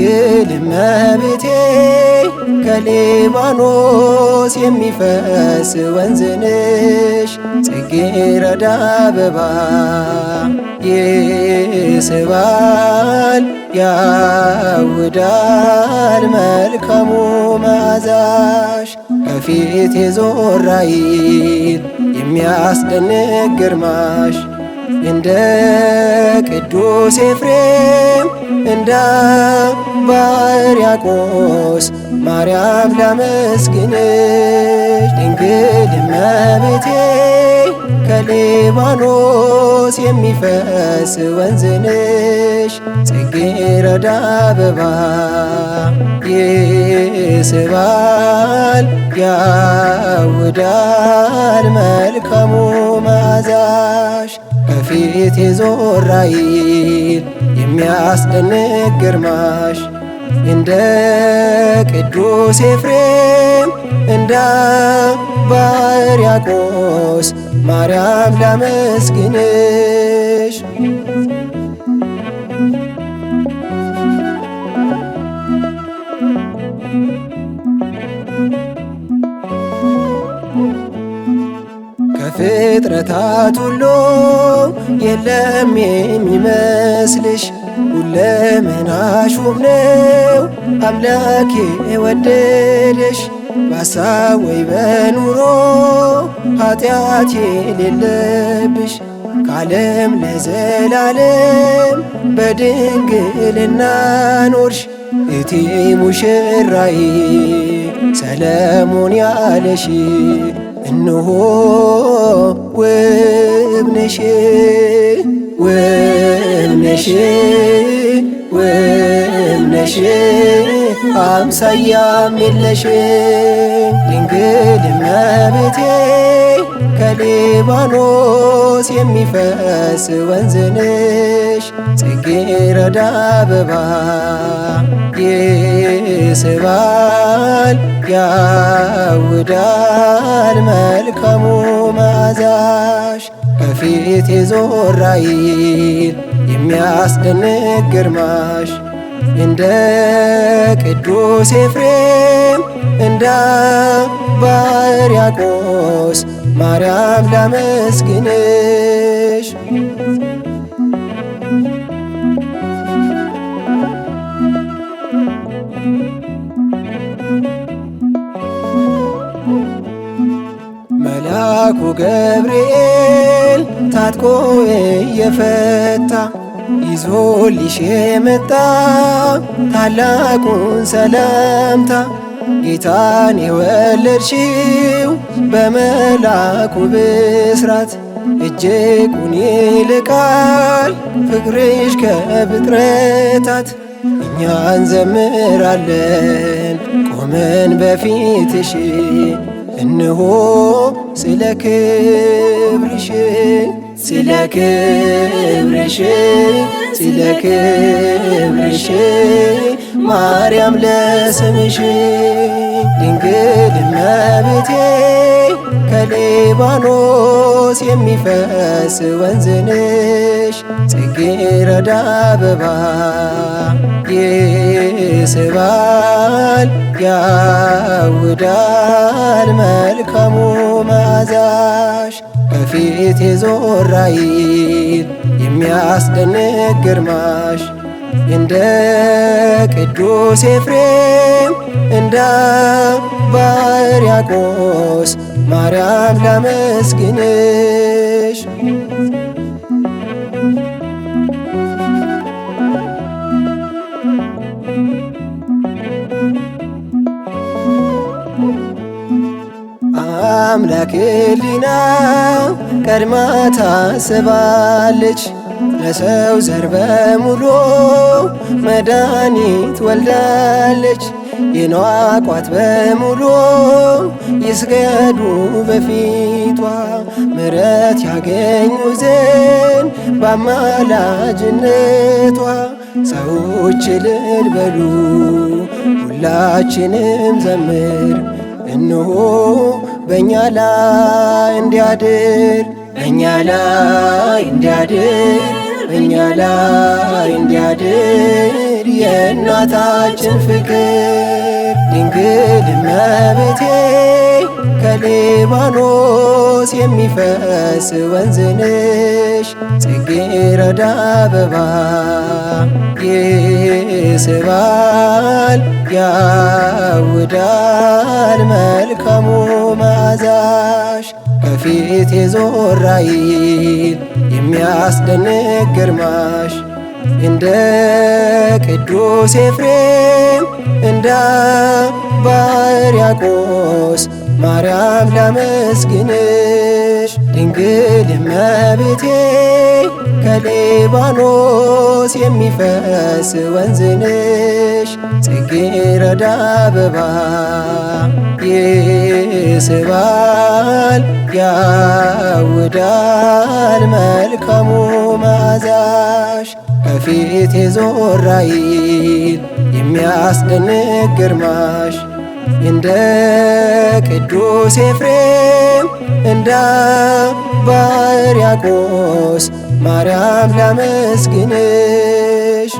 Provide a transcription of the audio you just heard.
ድንግል እመቤቴ ከሊባኖስ የሚፈስ ወንዝንሽ ጽጌረዳ አበባ ይስባል ያውዳል መልካሙ መዓዛሽ ከፊት የዞራይል የሚያስደንቅ ግርማሽ እንደ ቅዱስ ኤፍሬም እንደ አባ ሕርያቆስ ማርያም ላመስግንሽ ድንግል እመቤቴ ከሊባኖስ የሚፈስ ወንዝንሽ ጽጌረዳ አበባ ይስባል ያውዳል መልካሙ መዓዛሽ ከፊት የዞር ኃይል የሚያስደንቅ ግርማሽ እንደ ቅዱስ ኤፍሬም እንደ ባርያቆስ ማርያም ላመስግንሽ ፍጥረታት ሁሉ የለም የሚመስልሽ ሁለመናሽ ውብ ነው አምላኬ የወደደሽ በሀሳብ ወይ በኑሮ ኃጢአት የሌለብሽ ከዓለም ለዘላለም በድንግልና ኖርሽ እቲ ሙሽራዬ ሰለሞን ያለሽ እንሆ ውብነሽ ውብነሽ ውብነሽ አምሳያ ውብ አምሳያም የለሽ ድንግል እመቤቴ ከሊባኖስ የሚፈስ ወንዝንሽ ጽጌረዳ አበባ ይስባል ያውዳል መልካሙ መዓዛሽ ከፊት የዞራይል የሚያስደንቅ ግርማሽ እንደ ቅዱስ ኤፍሬም እንደ አባ ማርያም ላመስግንሽ ገብርኤል ታጥቆ ይዞ ይዞልሽ የመጣ ታላቁን ሰላምታ ጌታን የወለድሽው በመላኩ ብስራት እጅጉን ይልቃል ፍቅርሽ ከፍጥረታት እኛ እንዘምራለን ቆመን በፊትሽ እንሆ ስለ ክብርሽ ስለ ክብርሽ ስለ ክብርሽ ማርያም ለስምሽ ድንግል እመቤቴ ከሊባኖስ የሚፈስ ወንዝን ፊትሽ ጽጌረዳ አበባ ይስባል ያውዳል መልካሙ መዓዛሽ ከፊት የዞራ ይል የሚያስደንቅ ግርማሽ እንደ ቅዱስ ኤፍሬም እንደ ባርያቆስ ማርያም ላመስግንሽ አምላክ ቀድማ ታስባለች ለሰው ዘር በሙሉ መድኃኒት ወልዳለች። ቋት በሙሉ ይስገዱ በፊቷ ምረት ያገኙ ዘን በአማላጅነቷ ሰዎች እልል በሉ ሁላችንም ዘምር እንሆ በእኛ ላይ እንዲያድር በእኛ ላይ እንዲያድር በእኛ ላይ እንዲያድር የእናታችን ፍቅር ድንግል እመቤቴ ከሊባኖስ የሚፈስ ወንዝንሽ ጽጌረዳ አበባ ይስባል ያውዳል መልካሙ መዓዛሽ ከፊት የዞራይል ኃይል የሚያስደንቅ ግርማሽ እንደ ቅዱስ ኤፍሬም እንደ ባርያቆስ ማርያም ላመስግንሽ ድንግል እመቤቴ ከሊባኖስ የሚፈስ ወንዝንሽ ጽጌረዳ አበባ ይስባል ያውዳል መልካሙ መዓዛሽ ከፊት የዞራይል ይል የሚያስደንቅ ግርማሽ እንደ ቅዱስ ኤፍሬም እንደ ባሕርያቆስ ማርያም ላመስግንሽ